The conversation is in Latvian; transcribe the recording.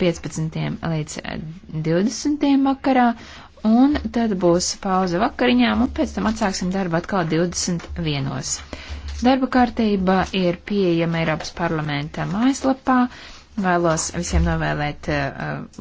15. līdz 20. Eh, vakarā, un tad būs pauze vakariņām, un pēc tam atsāksim darbu atkal 21. Darba kārtība ir pieejama Eiropas parlamenta mājaslapā. Vēlos visiem novēlēt. Uh,